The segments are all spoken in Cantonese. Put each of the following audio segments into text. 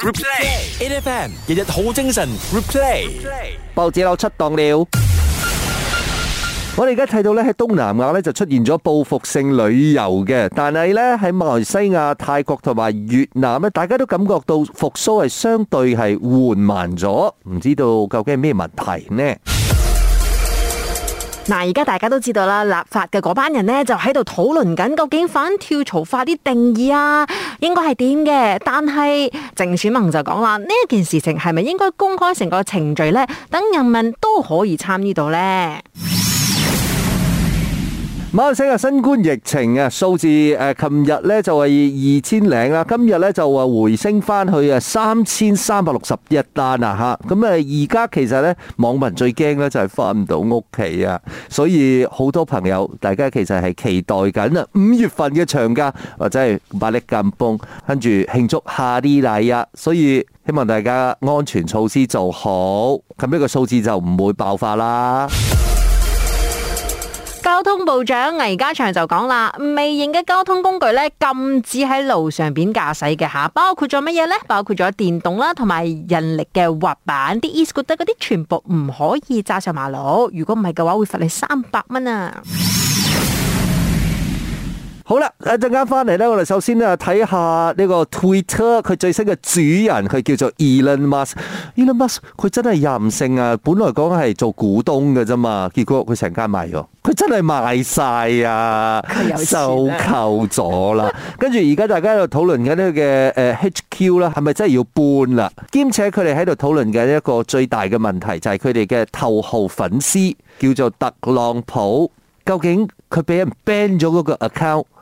Replay，8FM，日日好精神。Replay，報紙樓出檔了。我哋而家睇到咧，喺東南亞咧就出現咗報復性旅遊嘅，但係咧喺馬來西亞、泰國同埋越南咧，大家都感覺到復蘇係相對係緩慢咗，唔知道究竟係咩問題呢？嗱，而家大家都知道啦，立法嘅嗰班人呢，就喺度討論緊，究竟反跳槽法啲定義啊，應該係點嘅？但係鄭選文就講話，呢一件事情係咪應該公開成個程序呢？等人民都可以參與到呢。馬來西亞啊，新冠疫情啊，數字誒，琴日咧就係二千零啦，今日咧就話回升翻去啊三千三百六十一單啊吓，咁啊而家其實咧網民最驚咧就係翻唔到屋企啊，所以好多朋友大家其實係期待緊啊五月份嘅長假或者係八力咁風跟住慶祝下啲禮啊，所以希望大家安全措施做好，咁、這、呢個數字就唔會爆發啦。交通部長倪家祥就講啦，微型嘅交通工具咧禁止喺路上邊駕駛嘅吓，包括咗乜嘢呢？包括咗電動啦，同埋人力嘅滑板啲 e-scooter 嗰啲全部唔可以揸上馬路。如果唔係嘅話，會罰你三百蚊啊！好啦，一陣間翻嚟咧，我哋首先咧睇下呢個 Twitter 佢最新嘅主人，佢叫做 Elon Musk。Elon Musk 佢真係任性啊！本來講係做股東嘅啫嘛，結果佢成間賣咗，佢真係賣曬啊！收購咗啦，跟住而家大家喺度討論緊呢個 HQ 啦，係咪真係要搬啦？兼且佢哋喺度討論緊一個最大嘅問題就係佢哋嘅頭號粉絲叫做特朗普，究竟佢俾人 ban 咗嗰個 account？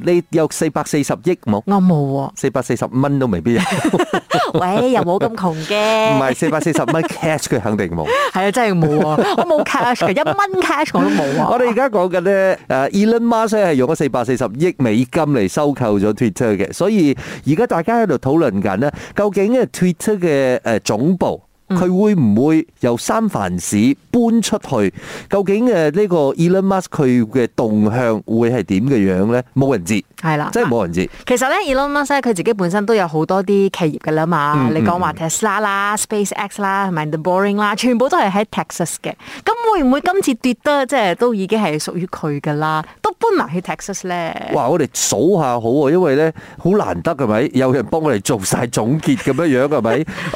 你有四百四十億冇？我冇喎。四百四十蚊都未必有！喂，又冇咁窮嘅。唔係四百四十蚊 cash，佢肯定冇。係啊，真係冇啊！我冇 cash，一蚊 cash 我都冇啊！我哋而家講緊咧，誒，Elon Musk 係用咗四百四十億美金嚟收購咗 Twitter 嘅，所以而家大家喺度討論緊咧，究竟呢 Twitter 嘅誒總部。佢會唔會由三藩市搬出去？究竟誒呢個 Elon Musk 佢嘅動向會係點嘅樣咧？冇人知，係啦，即係冇人知。其實咧，Elon Musk 佢自己本身都有好多啲企業㗎啦嘛。你講話 Tesla 啦、SpaceX 啦、同埋 The Boring 啦，全部都係喺 Texas 嘅。咁會唔會今次跌得即係都已經係屬於佢㗎啦？都搬埋去 Texas 咧？哇！我哋數下好喎，因為咧好難得，係咪？有人幫我哋做曬總結咁樣樣係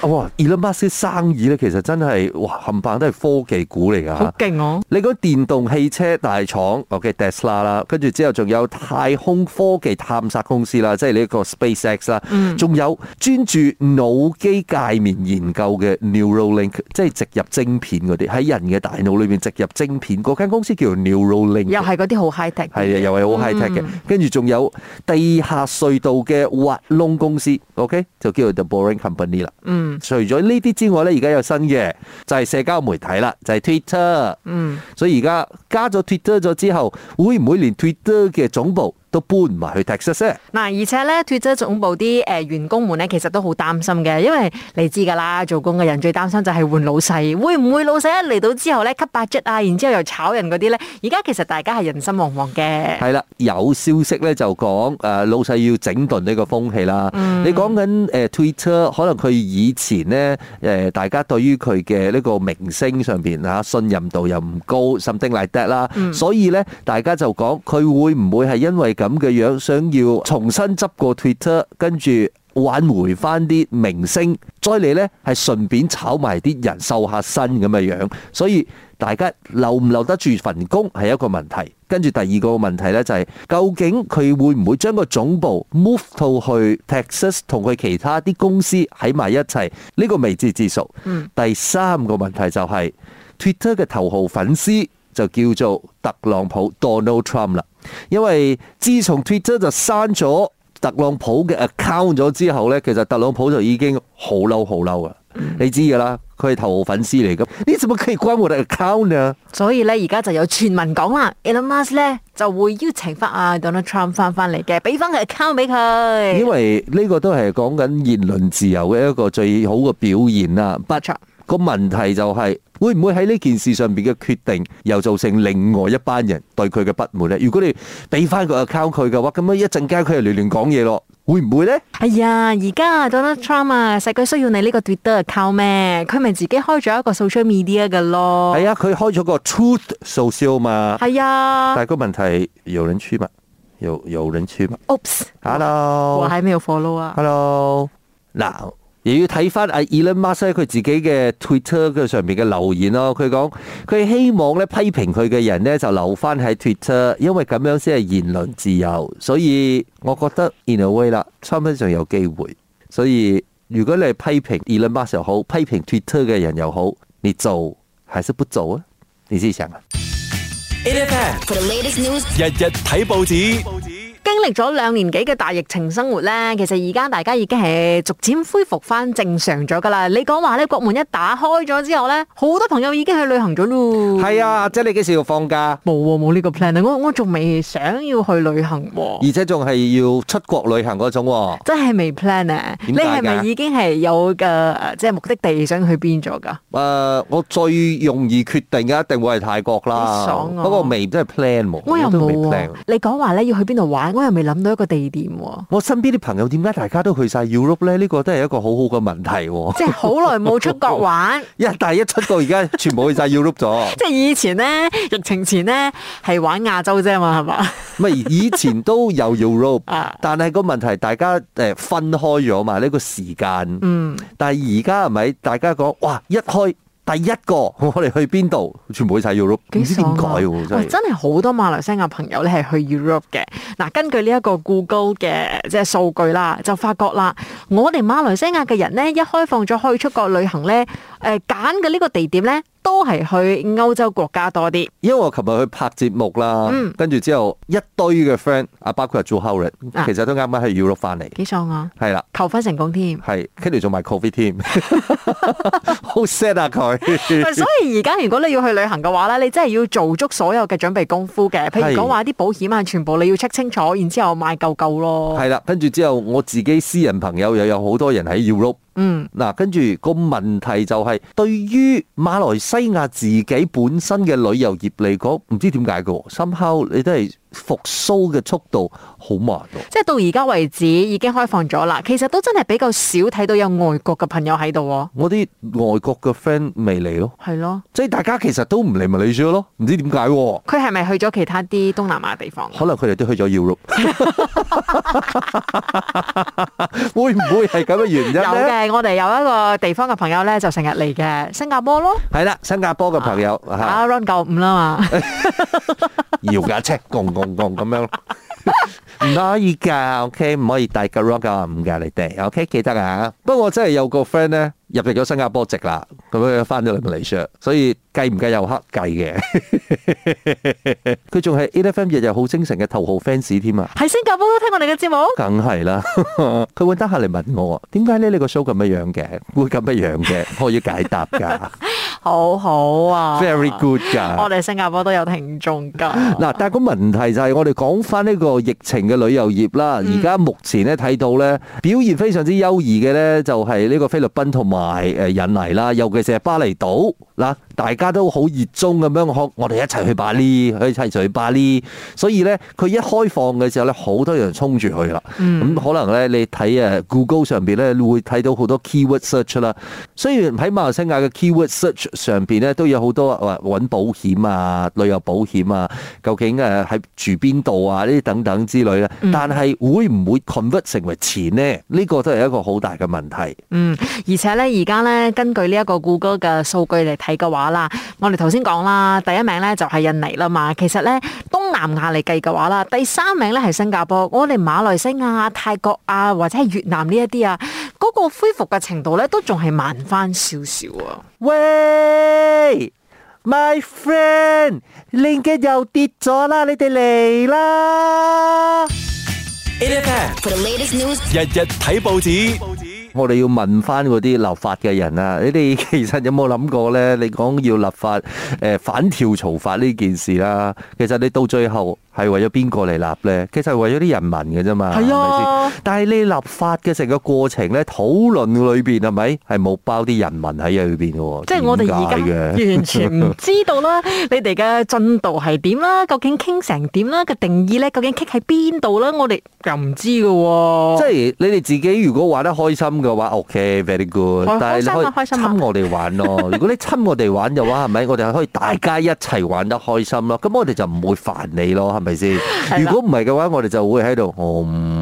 咪？哇！Elon Musk 生。生意咧，其實真係哇，冚唪唥都係科技股嚟㗎。好勁哦！你講電動汽車大廠，OK，Tesla 啦，okay, Tesla, 跟住之後仲有太空科技探索公司啦，即係呢一個 SpaceX 啦。仲有專注腦機介面研究嘅 Neuralink，l、嗯、即係植入晶片嗰啲喺人嘅大腦裏面植入晶片嗰間公司叫 Neuralink l。又係嗰啲好 high tech。係啊、嗯，又係好 high tech 嘅。跟住仲有地下隧道嘅挖窿公司，OK，就叫做 The Boring Company 啦。嗯。除咗呢啲之外咧，而家有新嘅，就係、是、社交媒體啦，就係、是、Twitter。嗯，所以而家加咗 Twitter 咗之後會唔會連 Twitter 嘅總部？都搬唔埋去 Texas 啫。嗱，而且咧，Twitter 總部啲誒員工們咧，其實都好擔心嘅，因為你知㗎啦，做工嘅人最擔心就係換老細，會唔會老細一嚟到之後咧 cut budget 啊，然之後又炒人嗰啲咧？而家其實大家係人心惶惶嘅。係啦，有消息咧就講誒老細要整頓呢個風氣啦。你講緊誒 Twitter，可能佢以前咧誒大家對於佢嘅呢個明星上邊啊信任度又唔高，something like that 啦，所以咧大家就講佢會唔會係因為？咁嘅樣，想要重新執個 Twitter，跟住挽回翻啲明星，再嚟呢係順便炒埋啲人瘦下身咁嘅樣。所以大家留唔留得住份工係一個問題。跟住第二個問題呢就係，究竟佢會唔會將個總部 move 到去 Texas 同佢其他啲公司喺埋一齊？呢個未知之數。第三個問題就係 Twitter 嘅頭號粉絲。就叫做特朗普 Donald Trump 啦，因為自從 Twitter 就刪咗特朗普嘅 account 咗之後咧，其實特朗普就已經好嬲好嬲啊！ 你知㗎啦，佢係頭號粉絲嚟㗎，你做乜可以關我哋 account 啊？所以咧，而家就有傳聞講話 Elon Musk 咧就會邀請翻阿 Donald Trump 翻翻嚟嘅，俾翻個 account 俾佢。因為呢個都係講緊言論自由嘅一個最好嘅表現啦。But But，個問題就係、是。會唔會喺呢件事上邊嘅決定又造成另外一班人對佢嘅不滿咧？如果你俾翻佢 account 佢嘅話，咁樣一陣間佢又亂亂講嘢咯，會唔會咧？係啊、哎，而家 Donald Trump 啊，世界需要你呢個 Twitter account 咩？佢咪自己開咗一個 social media 噶咯？係啊、哎，佢開咗個 Truth Social 嘛？係啊呀。但係個問題有人出嗎？有有人出嗎？Oops，Hello，我還沒有 follow 啊。Hello，嗱。Now. 又要睇翻阿 Elon Musk 佢自己嘅 Twitter 嘅上面嘅留言咯，佢講佢希望咧，批評佢嘅人咧，就留翻喺 Twitter，因為咁樣先係言論自由。所以我覺得 In a way 啦，Trump 上有機會。所以如果你係批評 Elon Musk 又好，批評 Twitter 嘅人又好，你做還是不做啊？你自己想啊！Past, news, 日日睇報紙。報紙經歷咗兩年幾嘅大疫情生活咧，其實而家大家已經係逐漸恢復翻正常咗噶啦。你講話咧，你國門一打開咗之後咧，好多朋友已經去旅行咗咯。係啊，姐，你幾時要放假？冇，冇呢個 plan。我我仲未想要去旅行，而且仲係要出國旅行嗰種。真係未 plan 啊！你係咪已經係有嘅？即係目的地想去邊咗噶？誒、呃，我最容易決定嘅一定會係泰國啦。爽啊！不過未都係 plan。我又冇啊！你講話咧要去邊度玩？ 都未諗到一個地點喎。我身邊啲朋友點解大家都去晒 Europe 呢？呢個都係一個好好嘅問題，啊。即係好耐冇出國玩。一 但一出國，而家全部去晒 Europe 咗。 即係以前呢，疫情前呢，係玩亞洲啫嘛，係嘛？唔 係以前都有 Europe，但係個問題大家誒分開咗嘛？呢、這個時間。嗯。但係而家係咪大家講哇？一開第一個我哋去邊度全部去晒 Europe，唔知點解喎。啊、以真係好多馬來西亞朋友咧係去 Europe 嘅嗱。根據呢一個 Google 嘅即係數據啦，就發覺啦，我哋馬來西亞嘅人咧一開放咗去出國旅行咧，誒揀嘅呢個地點咧。都係去歐洲國家多啲，因為我琴日去拍節目啦，嗯、跟住之後一堆嘅 friend，阿包括做 holiday，、uh 啊、其實都啱啱喺 Europe 翻嚟，幾爽啊！係啦、 啊，求婚成功添，係跟住仲賣 coffee 添，好 sad 啊佢。所以而家如果你要去旅行嘅話咧，你真係要做足所有嘅準備功夫嘅，譬如講話啲保險啊，全部你要 check 清楚，然之後買夠夠咯。係啦，跟住之後我自己私人朋友又有好多人喺 Europe。嗯，嗱，跟住個問題就係，對於馬來西亞自己本身嘅旅遊業嚟講，唔知點解㗎，somehow 你哋，復甦嘅速度好慢咯，即係到而家為止已經開放咗啦。其實都真係比較少睇到有外國嘅朋友喺度。我啲外國嘅 friend 未嚟咯，係咯，即係大家其實都唔嚟埋你咗咯，唔知點解？佢係咪去咗其他啲東南亞地方？可能佢哋都去咗要咯，會唔會係咁嘅原因咧？有嘅，我哋有一個地方嘅朋友咧，就成日嚟嘅新加坡咯。係啦，新加坡嘅朋友，阿 Ron 九五啦嘛。搖架車，貢貢貢咁樣，唔 可以噶，OK，唔可以帶架 rock 啊，唔噶你哋，OK，記得啊。不過我真係有個 friend 咧，入籍咗新加坡籍啦，咁樣翻咗嚟嚟上，所以計唔計又黑計嘅。佢仲係 8FM 日日好精神嘅頭號 fans 添啊！喺新加坡都聽過你嘅節目，梗係啦，佢 會得閒嚟問我，點解咧？你個 show 咁樣樣嘅，會咁樣樣嘅，可以解答噶。好好啊，very good 噶， 我哋新加坡都有聽眾噶。嗱，但係個問題就係我哋講翻呢個疫情嘅旅遊業啦。而家、嗯、目前咧睇到咧表現非常之優異嘅咧，就係呢個菲律賓同埋誒印尼啦，尤其是係巴厘島。嗱，大家都好熱衷咁樣，我我哋一齊去巴厘，厘，一齊去巴厘。所以咧，佢一開放嘅時候咧，好多人衝住去啦。咁、嗯、可能咧，你睇誒 Google 上邊咧會睇到好多 keyword search 啦。雖然喺馬來西亞嘅 keyword search 上邊咧都有好多話揾、啊、保險啊、旅遊保險啊，究竟誒喺住邊度啊？呢啲等等之類咧，嗯、但係會唔會 convert 成為錢呢？呢、呢個都係一個好大嘅問題。嗯，而且咧，而家咧根據呢一個 Google 嘅數據嚟睇嘅話啦，我哋頭先講啦，第一名咧就係印尼啦嘛。其實咧，東南亞嚟計嘅話啦，第三名咧係新加坡。我哋馬來西亞、泰國啊，或者係越南呢一啲啊，嗰、嗰個恢復嘅程度咧都仲係慢返少少啊。喂，my friend，令嘅又跌咗啦，你哋嚟啦！News. 日日睇報紙，我哋要問翻嗰啲立法嘅人啊，你哋其實有冇諗過咧？你講要立法誒反跳槽法呢件事啦，其實你到最後。係為咗邊個嚟立咧？其實係為咗啲人民嘅啫嘛，係咪先？但係你立法嘅成個過程咧，討論裏邊係咪係冇包啲人民喺入邊嘅？即係我哋而家完全唔知道啦， 你哋嘅進度係點啦？究竟傾成點啦？個定義咧，究竟 kick 喺邊度啦？我哋又唔知嘅。即係你哋自己如果玩得開心嘅話，OK，very、OK, good。但係你開心親、啊、我哋玩咯。心啊、 如果你親我哋玩嘅話，係咪？我哋可以大家一齊玩得開心咯。咁我哋就唔會煩你咯。係咪先， 如果唔係嘅話，我哋就會喺度。哦嗯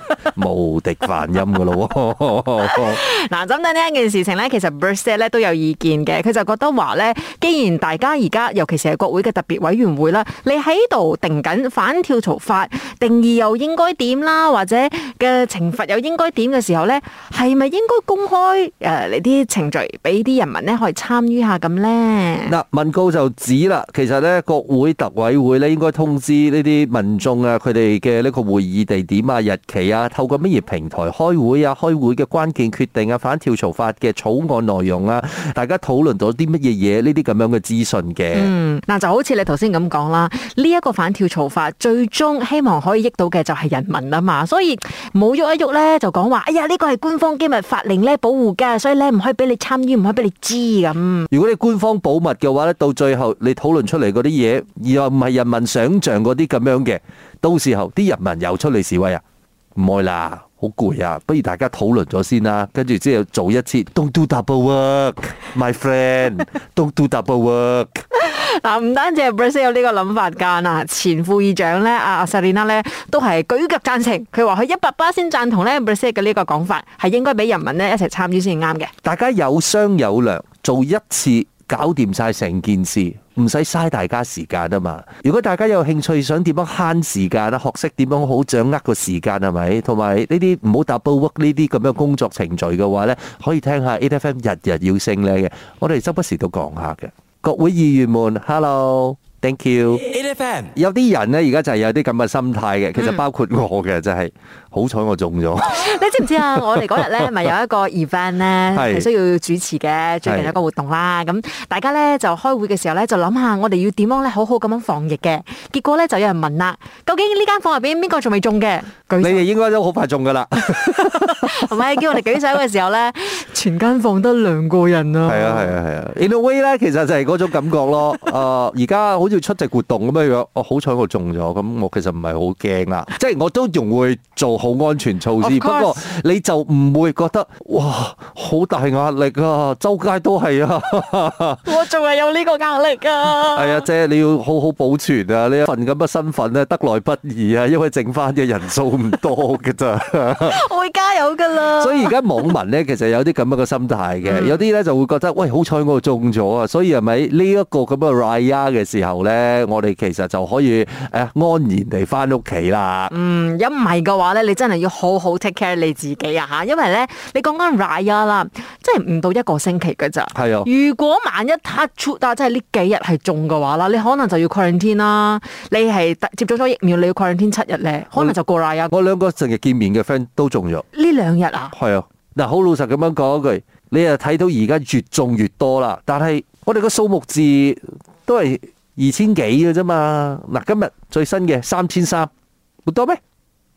無敵凡音噶咯喎！嗱，針對呢一件事情咧，其實 Bruce 咧都有意見嘅。佢就覺得話咧，既然大家而家，尤其是係國會嘅特別委員會啦，你喺度定緊反跳槽法，定義又應該點啦，或者嘅懲罰又應該點嘅時候咧，係咪應該公開誒你啲程序，俾啲人民咧可以參與下咁咧？嗱，文告就指啦，其實咧國會特委會咧應該通知呢啲民眾啊，佢哋嘅呢個會議地點啊，日期啊，透過乜嘢平台開會啊？開會嘅關鍵決定啊，反跳槽法嘅草案內容啊，大家討論咗啲乜嘢嘢？呢啲咁樣嘅資訊嘅。嗯，嗱就好似你頭先咁講啦，呢一個反跳槽法最終希望可以益到嘅就係人民啊嘛，所以冇喐一喐呢，就講話，哎呀呢個係官方機密法令呢保護嘅，所以咧唔可以俾你參與，唔可以俾你知咁。如果你官方保密嘅話呢到最後你討論出嚟嗰啲嘢又唔係人民想像嗰啲咁樣嘅，到時候啲人民又出嚟示威啊！唔會啦，好攰啊！不如大家討論咗先啦，跟住之後做一次。 Don't do double work, my friend. Don't do double work。嗱、 啊，唔單止 Brassie 有呢個諗法噶，嗱，前副議長咧，阿阿薩利娜咧都係舉腳讚成。佢話佢一百巴仙讚同咧，Brassie 嘅呢個講法係應該俾人民咧一齊參與先啱嘅。大家有商有量，做一次。搞掂晒成件事，唔使嘥大家時間啊嘛！如果大家有興趣，想點樣慳時間咧，學識點樣好掌握個時間係咪？同埋呢啲唔好 double work 呢啲咁樣工作程序嘅話呢，可以聽下 ATM 日日要升呢。嘅，我哋周不時都降下嘅。各位議員們，Hello Thank you。的有啲人咧，而家就係有啲咁嘅心態嘅，其實包括我嘅，真、就、係、是嗯、好彩我中咗。你知唔知啊？我哋嗰日咧，咪有一個 event 咧，係 需要主持嘅，最近有個活動啦。咁是大家咧就開會嘅時候咧，就諗下我哋要點樣咧，好好咁樣防疫嘅。結果咧就有人問啦，究竟呢間房入邊邊個仲未中嘅？你哋應該都好快中噶啦。唔 係， 叫我哋舉手嘅時候咧， 全間房得兩個人啊。係啊，係啊，係啊。In a way 咧，其實就係嗰種感覺咯。啊、呃，而家好。要出席活動咁樣樣，我好彩我中咗，咁我其實唔係好驚啊，即係我都仲會做好安全措施。Of course. 不過你就唔會覺得哇好大壓力啊，周街都係啊。 我仲係有呢個壓力啊。係啊、哎，即姐即係你要好好保存啊，呢一份咁嘅身份咧得來不易啊，因為剩翻嘅人數唔多嘅咋。 我會加油㗎啦。所以而家網民咧，其實有啲咁樣嘅心態嘅，有啲咧就會覺得喂，好彩我中咗啊，所以係咪呢一個咁嘅 ride 呀嘅時候？咧，我哋其實就可以誒安然地返屋企啦。嗯，一唔係嘅話咧，你真係要好好 take care 你自己啊！嚇，因為咧，你講緊 Raya 啦，即係唔到一個星期嘅咋。係啊的，如果萬一 touch 出啊，即係呢幾日係中嘅話啦，你可能就要 quarantine 啦。你係接咗咗疫苗，你要 quarantine 七日咧，可能就過 Raya。我兩個成日見面嘅 friend 都中咗呢兩日啊。係啊，嗱，好老實咁樣講一句，你又睇到而家越中越多啦，但係我哋個數目字都係。二千幾嘅啫嘛，嗱，今日最新嘅三千三，唔多咩？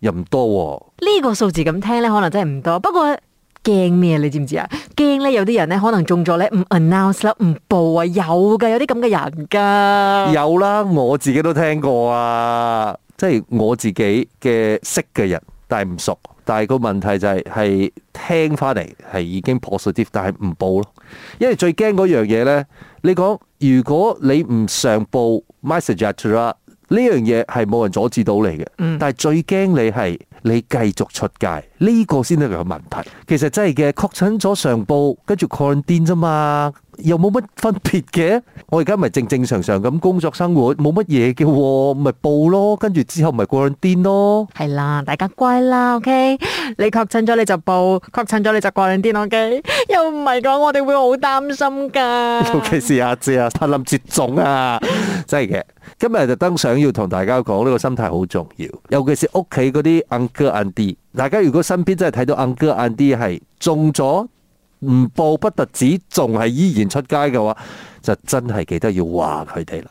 又唔多喎，啊。呢個數字咁聽咧，可能真係唔多。不過驚咩？你知唔知啊？驚咧，有啲人咧可能中咗咧唔 announce 啦，唔報啊，有噶，有啲咁嘅人噶。有啦，我自己都聽過啊，即係我自己嘅識嘅人，但係唔熟。但係個問題就係，是，係聽翻嚟係已經 positive，但係唔報咯。因為最驚嗰樣嘢咧，你講，如果你唔上報 messageatura 呢樣嘢係冇人阻止到你嘅，但係最驚你係。你繼續出街，呢、這個先係有問題。其實真係嘅，確診咗上報，跟住過兩癲啫嘛，又冇乜分別嘅。我而家咪正正常常咁工作生活，冇乜嘢嘅喎，咪報咯，跟住之後咪過兩癲咯。係啦，大家乖啦，OK。你確診咗你就報，確診咗你就過兩癲，OK。又唔係講我哋會好擔心㗎。尤其是阿志啊，立林接種啊，真係嘅。今日特登想要同大家講，呢個心態好重要。尤其是屋企嗰啲安哥安娣大家如果身邊真係睇到安哥安娣係中咗唔報不特止，仲係依然出街嘅話，就真係記得要話佢哋啦。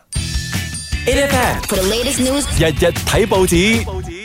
Past, news, 日日睇報紙。日日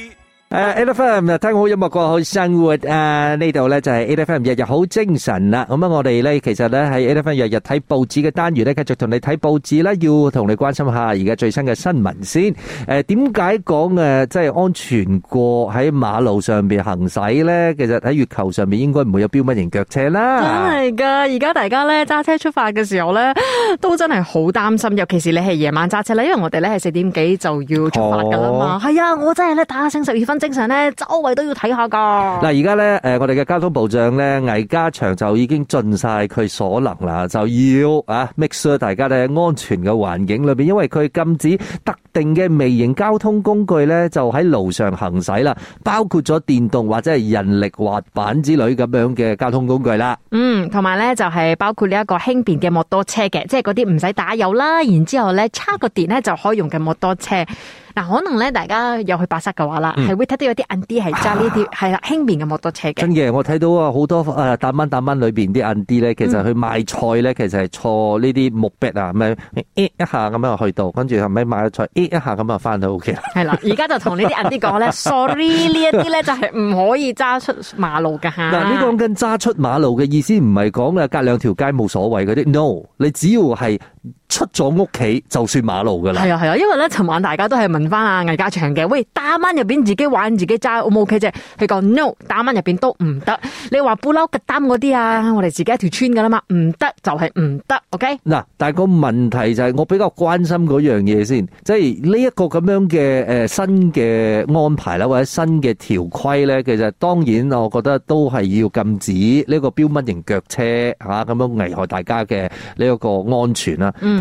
誒、uh,，Ai FM，聽好音樂過去生活啊！呢度咧就係 Ai FM 日日好精神啦。咁啊，我哋咧其實咧係 Ai FM 日日睇報紙嘅單元咧，繼續同你睇報紙啦，要同你關心下而家最新嘅新聞先。誒，點解講誒，即係安全過喺馬路上邊行駛咧？其實喺月球上面應該唔會有標乜型腳車啦。真係噶！而家大家咧揸車出發嘅時候咧，都真係好擔心，尤其是你係夜晚揸車啦，因為我哋咧係四點幾就要出發噶啦嘛。係、哦、啊，我真係咧打醒十二分。正常咧，周圍都要睇下噶。嗱，而家咧，誒，我哋嘅交通部長咧，魏家祥就已經盡晒佢所能啦，就要啊，make sure 大家咧喺安全嘅環境裏邊，因為佢禁止特定嘅微型交通工具咧，就喺路上行駛啦，包括咗電動或者係人力滑板之類咁樣嘅交通工具啦。嗯，同埋咧，就係、是、包括呢一個輕便嘅摩托車嘅，即係嗰啲唔使打油啦，然之後咧，插個電咧就可以用嘅摩托車。嗱，可能咧，大家有去巴剎嘅話啦，係、嗯、會睇到有啲 n D 係揸呢啲，係啦，輕便嘅摩托車嘅、啊。真嘅，我睇到啊，好多誒，蛋蚊蛋蚊裏邊啲 n D 咧，其實去賣菜咧，其實係坐呢啲 moped 啊，咪 a 一下咁樣去到，跟住後尾買咗菜 a 一下咁啊，翻到屋企。係啦，而家 就同呢啲 n D 講咧，sorry 呢一啲咧，就係唔可以揸出馬路嘅吓。嗱，你講緊揸出馬路嘅意思，唔係講啊隔兩條街冇所謂嗰啲，no，你只要係。出咗屋企就算馬路噶啦，係啊係啊，因為咧，尋晚大家都係問翻阿魏家祥嘅，喂，打蚊入邊自己玩自己揸 O 唔 O K 啫？佢講 no，打蚊入邊都唔得。你話不嬲嘅打蚊嗰啲啊，我哋自己一條村噶啦嘛，唔得就係唔得，OK？嗱、啊，但係個問題就係我比較關心嗰樣嘢先，即係呢一個咁樣嘅誒、呃、新嘅安排啦，或者新嘅條規咧，其實當然我覺得都係要禁止呢個標蚊型腳車吓，咁、啊、樣危害大家嘅呢一個安全啦。嗯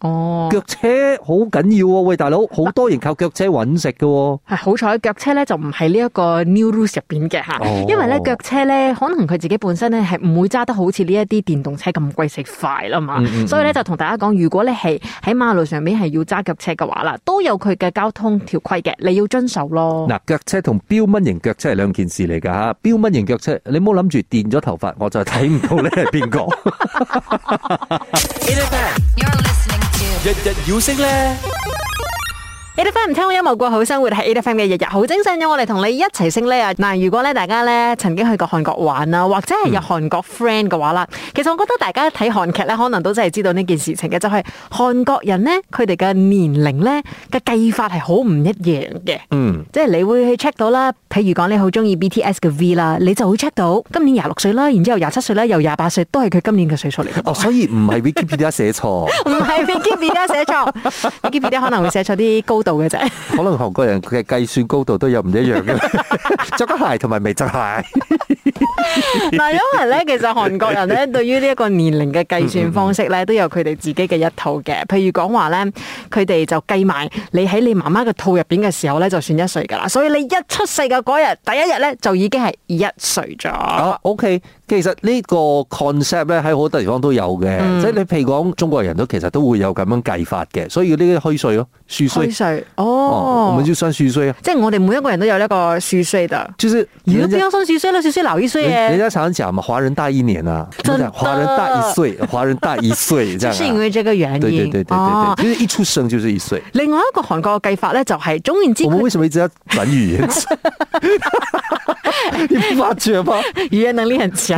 哦，腳車好緊要喎，喂大佬，好多人靠腳車搵食嘅喎。係好彩腳車咧就唔係呢一個 new rules 入邊嘅吓，哦、因為咧腳車咧可能佢自己本身咧係唔會揸得好似呢一啲電動車咁鬼死快啦嘛，嗯嗯嗯，所以咧就同大家講，如果你係喺馬路上面係要揸腳車嘅話啦，都有佢嘅交通條規嘅，你要遵守咯。嗱，腳車同標蚊型腳車係兩件事嚟噶吓，標蚊型腳車你冇諗住電咗頭髮，我就睇唔到你係邊個。日日要升咧！A. D. Fan 唔聽我音樂過好生活，係 A. D. Fan 嘅，日日好精神。咁我哋同你一齊升呢啊嗱，如果咧大家咧曾經去過韓國玩啊，或者係有韓國 friend 嘅話啦，嗯、其實我覺得大家睇韓劇咧，可能都真係知道呢件事情嘅，就係、是、韓國人呢，佢哋嘅年齡咧嘅計法係好唔一樣嘅。嗯、即係你會去 check 到啦，譬如講你好中意 B. T. S 嘅 V 啦，你就會 check 到今年廿六歲啦，然之後廿七歲啦，又廿八歲，都係佢今年嘅歲數嚟。哦，所以唔係 Wikipedia 寫錯，唔係 Wikipedia 寫錯，Wikipedia 可能會寫錯啲高。度嘅啫，可能韓國人佢嘅計算高度都有唔一樣嘅，着咗鞋同埋未着鞋。嗱，因為咧，其實韓國人咧對於呢一個年齡嘅計算方式咧，都有佢哋自己嘅一套嘅。譬如講話咧，佢哋就計埋你喺你媽媽嘅肚入邊嘅時候咧，就算一歲㗎喇。所以你一出世嘅嗰日，第一日咧，就已經係一歲咗。好，OK。其實呢個 concept 咧，喺好多地方都有嘅，即係你譬如講中國人都其實都會有咁樣計法嘅，所以呢啲虛歲咯，虛歲哦，我們就算虛歲啊，即係我哋每一個人都有一個虛歲的，就是人家算虛歲啦，虛歲老一歲嘅。人家常講嘛，華人大一年啊，真係華人大一歲，華人大一歲，即係因為這個原因，對對對對對一出生就是一歲。另外一個韓國嘅計法咧就係總言之，我們為什麼一直要轉語言？你發覺嗎？語言能力很強。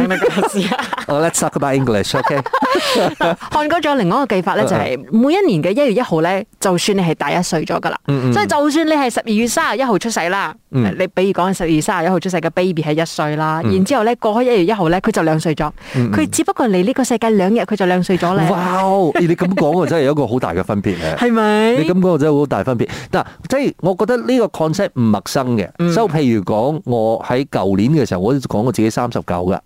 Let's talk about English, OK? 漢哥仲有另外一個計法咧、就係，就係每一年嘅一月一號咧，就算你係大一歲咗噶啦，即、mm hmm. 所以就算你係十二月三十一號出世啦，mm hmm. 你比如講十二月三十一號出世嘅 baby 係一歲啦，mm hmm. 然之後咧過去一月一號咧，佢就兩歲咗，佢、mm hmm. 只不過嚟呢個世界兩日，佢就兩歲咗啦。哇！Wow, 你你咁講啊，真係有一個好大嘅分別嘅，係咪？ 你咁講啊，真係好大分別。嗱，即係我覺得呢個 concept 唔陌生嘅，即就譬如講我喺舊年嘅時候，我都講過自己三十九噶。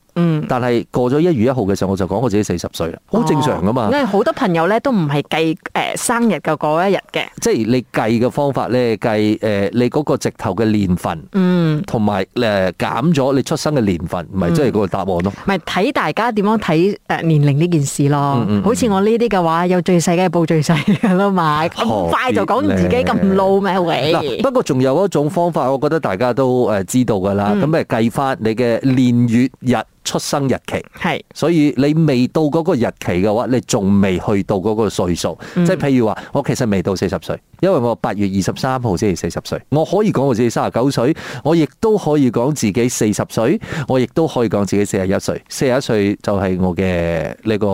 但係過咗一月一號嘅時候，我就講我自己四十歲啦，好正常噶嘛，哦。因為好多朋友咧都唔係計誒生日嘅嗰一日嘅，即係你計嘅方法咧計誒你嗰個直頭嘅年份，嗯，同埋誒減咗你出生嘅年份，咪即係嗰個答案咯。咪睇，嗯，大家點樣睇誒年齡呢件事咯。嗯嗯，好似我呢啲嘅話，有最細嘅報最細嘅啦嘛，咁快就講自己咁老咩好鬼。嗱，不過仲有一種方法，我覺得大家都誒知道㗎啦。咁咪計翻你嘅年月日。出生日期係，是所以你未到嗰個日期嘅話，你仲未去到嗰個歲數。嗯、即係譬如話我其實未到四十歲，因為我八月二十三號先至四十歲，我可以講我自己三十九歲，我亦都可以講自己四十歲，我亦都可以講自己四十一歲，四十一歲就係我嘅呢個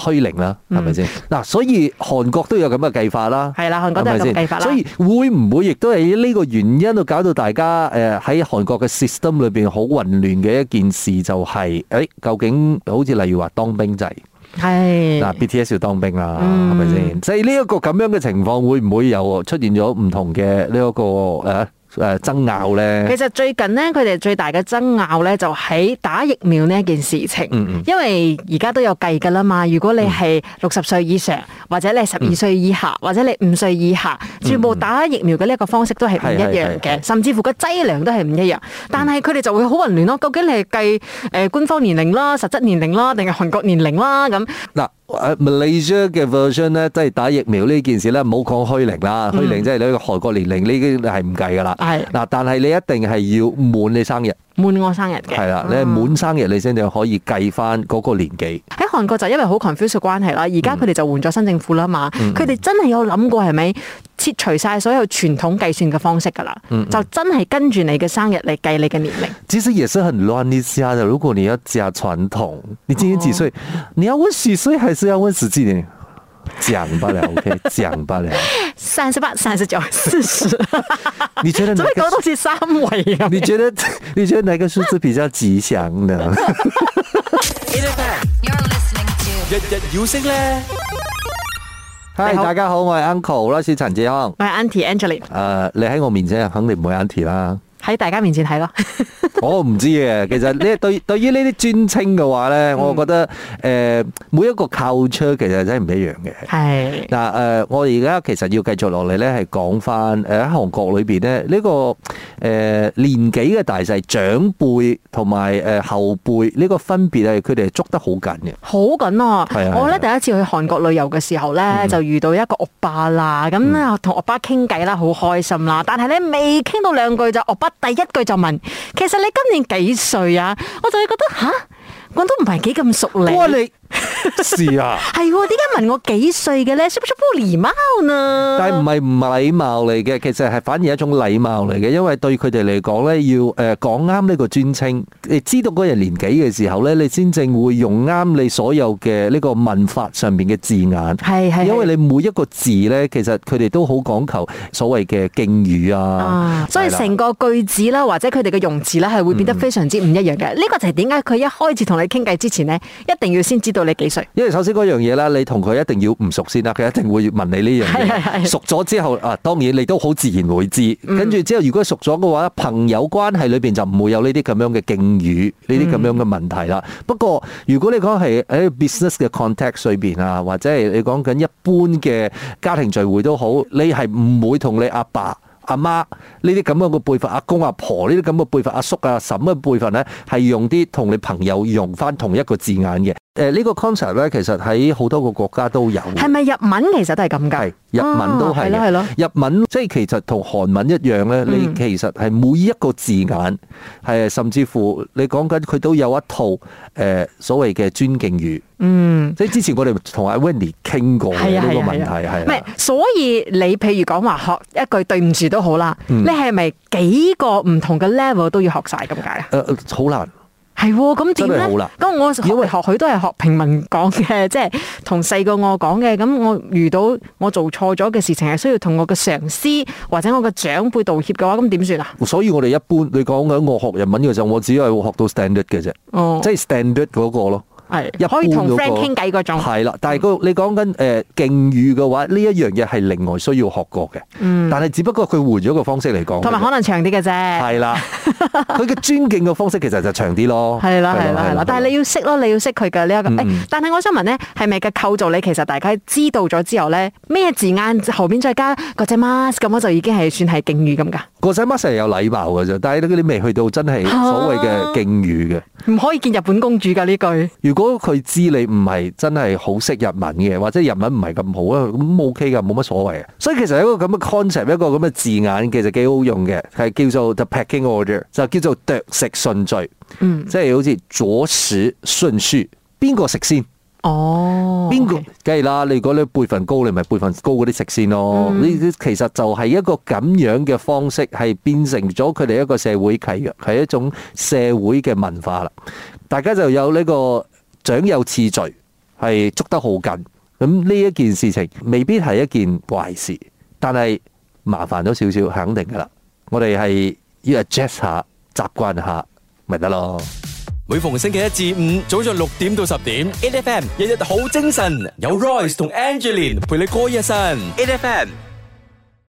虛齡啦，係咪先？嗱、嗯，所以韓國都有咁嘅計法啦，係啦、啊，韓國都有咁嘅計法啦。吧所以會唔會亦都係呢個原因到搞到大家誒喺韓國嘅 system 裏邊好混亂嘅一件事就是？係，誒、哎，究竟好似例如話當兵制，係嗱是、啊、BTS 要當兵啦，係咪先？即係呢一個咁樣嘅情況，會唔會有出現咗唔同嘅呢一個誒？啊誒，爭拗咧，其實最近呢，佢哋最大嘅爭拗咧，就喺、是、打疫苗呢一件事情。嗯嗯、因為而家都有計噶啦嘛。如果你係六十歲以上，嗯、或者你係十二歲以下，嗯、或者你五歲以下，全部打疫苗嘅呢一個方式都係唔一樣嘅，是是是是甚至乎個劑量都係唔一樣。嗯、但係佢哋就會好混亂咯。究竟你係計誒官方年齡啦、實質年齡啦，定係韓國年齡啦咁？嗱 Malaysia 嘅 version 呢，即、就、係、是、打疫苗呢件事呢，唔好講虛齡啦，虛齡即係你韓國年齡呢啲係唔計噶啦。嗯。係嗱，是但係你一定係要滿你生日，滿我生日嘅。係啦的，嗯、你係滿生日你先至可以計翻嗰個年紀。喺韓國就因為好 confusion 關係啦，而家佢哋就換咗新政府啦嘛，佢哋、嗯嗯、真係有諗過係咪切除晒所有傳統計算嘅方式噶啦，嗯嗯，就真係跟住你嘅生日嚟計你嘅年齡。其實也是很亂一加的，如果你要加傳統，你今年幾歲？哦、你要問虛歲，還是要問實際年齡？講不了 OK 講不了。三十八、三十九、四十，你覺得？點解嗰個都三位啊？你覺得你覺得哪個數 字比較吉祥呢？哈！ 你好，Hi, 大家好，家好我係 Uncle 啦，是陳志康。我係是 Auntie Angelina ina .誒、呃，你喺我面前肯定唔會 Auntie 啦。嗯喺大家面前睇咯，我唔知嘅。其實呢對對於呢啲尊稱嘅話咧，我覺得誒每一個文化其實真係唔一樣嘅。係嗱誒，我而家其實要繼續落嚟咧，係講返誒喺韓國裏邊咧呢個誒年紀嘅大細、長輩同埋誒後輩呢個分別係佢哋捉得好緊嘅。好緊啊！我咧第一次去韓國旅遊嘅時候咧，就遇到一個歐巴啦，咁啊同歐巴傾偈啦，好開心啦。但係咧未傾到兩句就歐巴。第一句就問，其實你今年幾歲啊？我就係覺得吓，我都唔係幾咁熟你。 是啊，係喎、 哦，點解問我幾歲嘅咧？出唔出布狸貓呢？哨不哨不哨呢，但係唔係唔禮貌嚟嘅，其實係反而一種禮貌嚟嘅，因為對佢哋嚟講咧，要誒講啱呢個尊稱，你知道嗰人年紀嘅時候咧，你先正會用啱你所有嘅呢個問法上面嘅字眼，係是因為你每一個字咧，其實佢哋都好講求所謂嘅敬語啊，啊所以成個句子啦，或者佢哋嘅用詞啦，係會變得非常之唔一樣嘅。呢、嗯嗯、個就係點解佢一開始同你傾偈之前呢，一定要先知。到你幾歲？因為首先嗰樣嘢啦，你同佢一定要唔熟先啦，佢一定會問你呢樣嘢。 熟咗之後啊，當然你都好自然會知。跟住 之後，如果熟咗嘅話，朋友關係裏邊就唔會有呢啲咁樣嘅敬語，呢啲咁樣嘅問題啦。 不過如果你講係誒 business 嘅 contact 裏邊啊，或者係你講緊一般嘅家庭聚會都好，你係唔會同你阿爸阿媽呢啲咁樣嘅輩份，阿公阿婆呢啲咁嘅輩份，阿叔阿嬸嘅輩份咧，係用啲同你朋友用翻同一個字眼嘅。誒，個呢個 c o n c e r t 咧，其實喺好多個國家都有。係咪日文其實都係咁解？係日文都係，係咯，係咯。日文，啊、日文即係其實同韓文一樣咧，嗯、你其實係每一個字眼，係甚至乎你講緊佢都有一套誒、呃、所謂嘅尊敬語。嗯，即係之前我哋同阿 Wendy 傾過呢個問題係。唔係，所以你譬如講話學一句對唔住都好啦，嗯、你係咪幾個唔同嘅 level 都要學晒咁解啊？好難。係，咁點咧？咁、 嗯、 我可會學佢都係學平民講嘅，即係同細個我講嘅。咁我遇到我做錯咗嘅事情，係需要同我嘅上司或者我嘅長輩道歉嘅話，咁點算啊？所以我哋一般你講緊我學日文嘅時候，我只係會學到 standard 嘅啫，哦，即係 standard 嗰、那個咯。係，可以同 friend 傾偈嗰種。係啦，但係你講緊誒敬語嘅話，呢一樣嘢係另外需要學過嘅。嗯、但係只不過佢換咗個方式嚟講。同埋、嗯、可能長啲嘅啫。係啦的。佢嘅 尊敬嘅方式其實就長啲咯。係啦，係啦，係啦。但係你要識咯，你要識佢嘅呢一個。但係我想問咧，係咪嘅構造你其實大家知道咗之後咧，咩字眼後邊再加個仔 m 咁，我就已經係算係敬語咁噶？個仔 m 成日有禮貌嘅啫，但係你未去到真係所謂嘅敬語嘅。唔、啊、可以見日本公主噶呢句。如果佢知你唔係真係好識日文嘅，或者日文唔係咁好咧，咁 OK 噶，冇乜所謂啊。所以其實一個咁嘅 concept，一個咁嘅字眼，其實幾好用嘅，係叫做 the pecking order，就叫做啄食順序，嗯、即係好似左食順序，邊個食先？哦，邊個誰？梗係啦，你、哦 okay、如果你輩份高，你咪輩份高嗰啲食先咯。呢啲、嗯、其實就係一個咁樣嘅方式，係變成咗佢哋一個社會契約，係一種社會嘅文化啦。大家就有呢、呢個。長有次序，係捉得好緊，咁呢一件事情未必係一件壞事，但係麻煩咗少少，肯定噶啦。我哋係要 adjust 下，習慣下，咪得咯。每逢星期一至五，早上六點到十點，8FM 日日好精神，有 Royce 同 Angelina 陪你過一晨，8FM。